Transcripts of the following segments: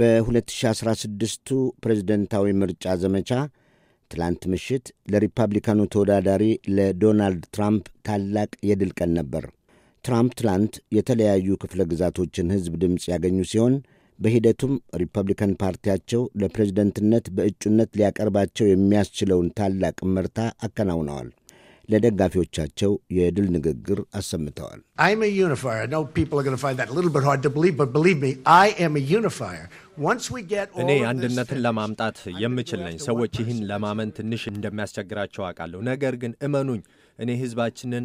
በ2016ቱ ፕሬዝደንታዊ ምርጫ ዘመቻ ትላንት ምሽት ለሪፐብሊካኑ ተወዳዳሪ ለዶናልድ ትራምፕ ታላቅ የድል ቀን ነበር። ትራምፕ ትላንት የተለያዩ ክፍለ ግዛቶችን ሕዝብ ድምፅ ያገኙ ሲሆን በሂደቱም ሪፐብሊካን ፓርቲያቸው ለፕሬዝደንትነት በእጩነት ሊያቀርባቸው የሚያስችለውን ታላቅ ምርታ አከናውነዋል። ለደጋፊዎቻቸው የድል ንግግር አሰምተዋል። እኔ አንድነትን ለማምጣት የምችል ነኝ። ሰዎች ይህን ለማመን ትንሽ እንደሚያስቸግራቸው አውቃለሁ። ነገር ግን እመኑኝ፣ እኔ ሕዝባችንን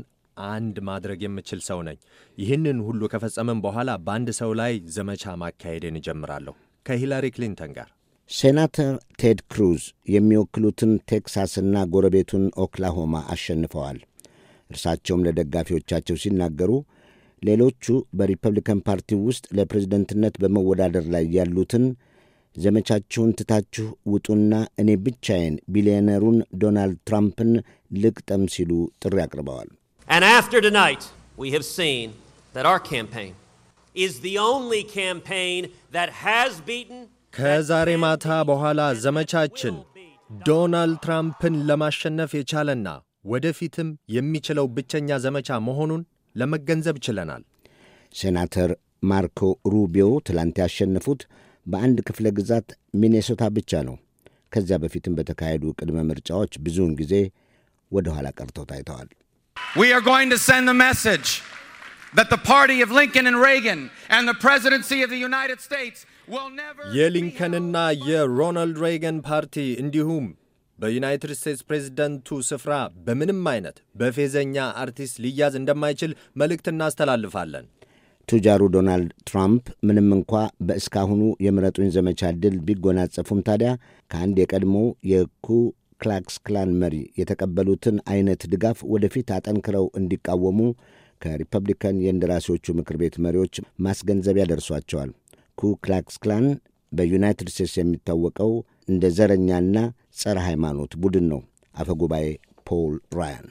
አንድ ማድረግ የምችል ሰው ነኝ። ይህንን ሁሉ ከፈጸምን በኋላ በአንድ ሰው ላይ ዘመቻ ማካሄድን እጀምራለሁ ከሂላሪ ክሊንተን ጋር ሴናተር ቴድ ክሩዝ የሚወክሉትን ቴክሳስና ጎረቤቱን ኦክላሆማ አሸንፈዋል። እርሳቸውም ለደጋፊዎቻቸው ሲናገሩ ሌሎቹ በሪፐብሊካን ፓርቲ ውስጥ ለፕሬዝደንትነት በመወዳደር ላይ ያሉትን ዘመቻችሁን ትታችሁ ውጡና እኔ ብቻዬን ቢሊዮነሩን ዶናልድ ትራምፕን ልቅጠም ሲሉ ጥሪ አቅርበዋል። that our campaign ከዛሬ ማታ በኋላ ዘመቻችን ዶናልድ ትራምፕን ለማሸነፍ የቻለና ወደፊትም የሚችለው ብቸኛ ዘመቻ መሆኑን ለመገንዘብ ችለናል። ሴናተር ማርኮ ሩቢዮ ትላንት ያሸነፉት በአንድ ክፍለ ግዛት ሚኔሶታ ብቻ ነው። ከዚያ በፊትም በተካሄዱ ቅድመ ምርጫዎች ብዙውን ጊዜ ወደ ኋላ ቀርተው ታይተዋል። ፓርቲ ኦፍ ሊንከን ኤንድ ሬገን ኤንድ ፕሬዚደንሲ ኦፍ ዩናይትድ ስቴትስ የሊንከንና የሮናልድ ሬገን ፓርቲ እንዲሁም በዩናይትድ ስቴትስ ፕሬዚደንቱ ስፍራ በምንም አይነት በፌዘኛ አርቲስት ሊያዝ እንደማይችል መልእክት እናስተላልፋለን። ቱጃሩ ዶናልድ ትራምፕ ምንም እንኳ በእስካሁኑ የምረጡኝ ዘመቻ ድል ቢጎናጸፉም ታዲያ ከአንድ የቀድሞ የኩ ክላክስ ክላን መሪ የተቀበሉትን አይነት ድጋፍ ወደፊት አጠንክረው እንዲቃወሙ ከሪፐብሊካን የእንደራሴዎቹ ምክር ቤት መሪዎች ማስገንዘቢያ ደርሷቸዋል። ኩክላክስ ክላን በዩናይትድ ስቴትስ የሚታወቀው እንደ ዘረኛና ጸረ ሃይማኖት ቡድን ነው። አፈ ጉባኤ ፖል ራያን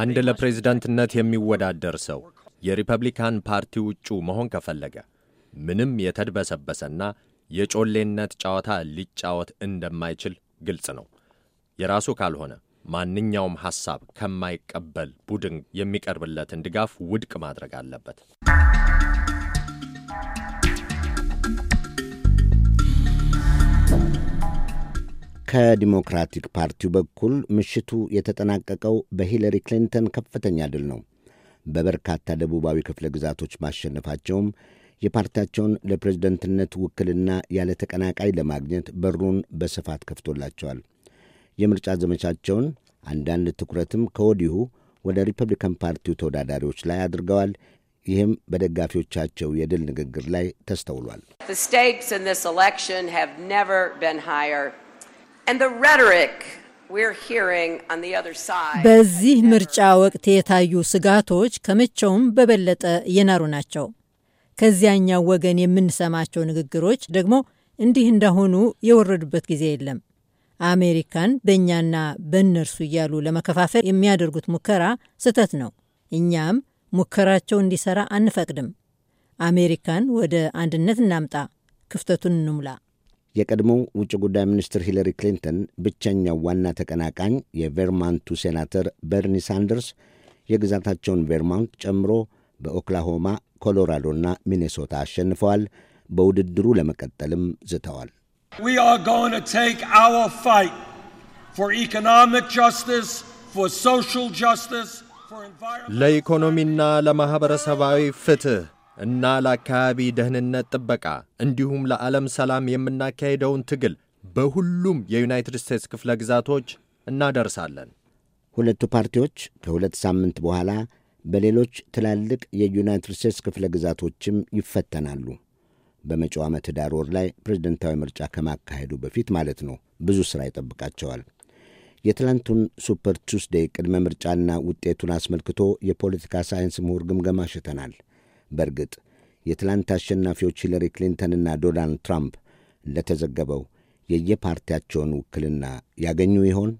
አንድ ለፕሬዝዳንትነት የሚወዳደር ሰው የሪፐብሊካን ፓርቲ ውጩ መሆን ከፈለገ ምንም የተድበሰበሰና የጮሌነት ጨዋታ ሊጫወት እንደማይችል ግልጽ ነው። የራሱ ካልሆነ ማንኛውም ሐሳብ ከማይቀበል ቡድን የሚቀርብለትን ድጋፍ ውድቅ ማድረግ አለበት። ከዲሞክራቲክ ፓርቲው በኩል ምሽቱ የተጠናቀቀው በሂለሪ ክሊንተን ከፍተኛ ድል ነው። በበርካታ ደቡባዊ ክፍለ ግዛቶች ማሸነፋቸውም የፓርቲያቸውን ለፕሬዝደንትነት ውክልና ያለ ተቀናቃይ ለማግኘት በሩን በስፋት ከፍቶላቸዋል። የምርጫ ዘመቻቸውን አንዳንድ ትኩረትም ከወዲሁ ወደ ሪፐብሊካን ፓርቲው ተወዳዳሪዎች ላይ አድርገዋል። ይህም በደጋፊዎቻቸው የድል ንግግር ላይ ተስተውሏል። በዚህ ምርጫ ወቅት የታዩ ስጋቶች ከመቼውም በበለጠ የናሩ ናቸው። ከዚያኛው ወገን የምንሰማቸው ንግግሮች ደግሞ እንዲህ እንደሆኑ የወረዱበት ጊዜ የለም። አሜሪካን በእኛና በእነርሱ እያሉ ለመከፋፈል የሚያደርጉት ሙከራ ስህተት ነው። እኛም ሙከራቸው እንዲሰራ አንፈቅድም። አሜሪካን ወደ አንድነት እናምጣ፣ ክፍተቱን እንሙላ። የቀድሞው ውጭ ጉዳይ ሚኒስትር ሂለሪ ክሊንተን ብቸኛው ዋና ተቀናቃኝ የቬርማንቱ ሴናተር በርኒ ሳንደርስ የግዛታቸውን ቬርማንት ጨምሮ በኦክላሆማ ኮሎራዶና ሚኔሶታ አሸንፈዋል። በውድድሩ ለመቀጠልም ዝተዋል። We are going to take our fight for economic justice, for social justice, ለኢኮኖሚና ለማኅበረሰባዊ ፍትሕ እና ለአካባቢ ደህንነት ጥበቃ እንዲሁም ለዓለም ሰላም የምናካሄደውን ትግል በሁሉም የዩናይትድ ስቴትስ ክፍለ ግዛቶች እናደርሳለን። ሁለቱ ፓርቲዎች ከሁለት ሳምንት በኋላ በሌሎች ትላልቅ የዩናይትድ ስቴትስ ክፍለ ግዛቶችም ይፈተናሉ። በመጪው ዓመት ዳር ወር ላይ ፕሬዝደንታዊ ምርጫ ከማካሄዱ በፊት ማለት ነው። ብዙ ሥራ ይጠብቃቸዋል። የትላንቱን ሱፐር ቱስዴይ ቅድመ ምርጫና ውጤቱን አስመልክቶ የፖለቲካ ሳይንስ ምሁር ግምገማ ሽተናል። በእርግጥ የትላንት አሸናፊዎች ሂለሪ ክሊንተንና ዶናልድ ትራምፕ ለተዘገበው የየፓርቲያቸውን ውክልና ያገኙ ይሆን?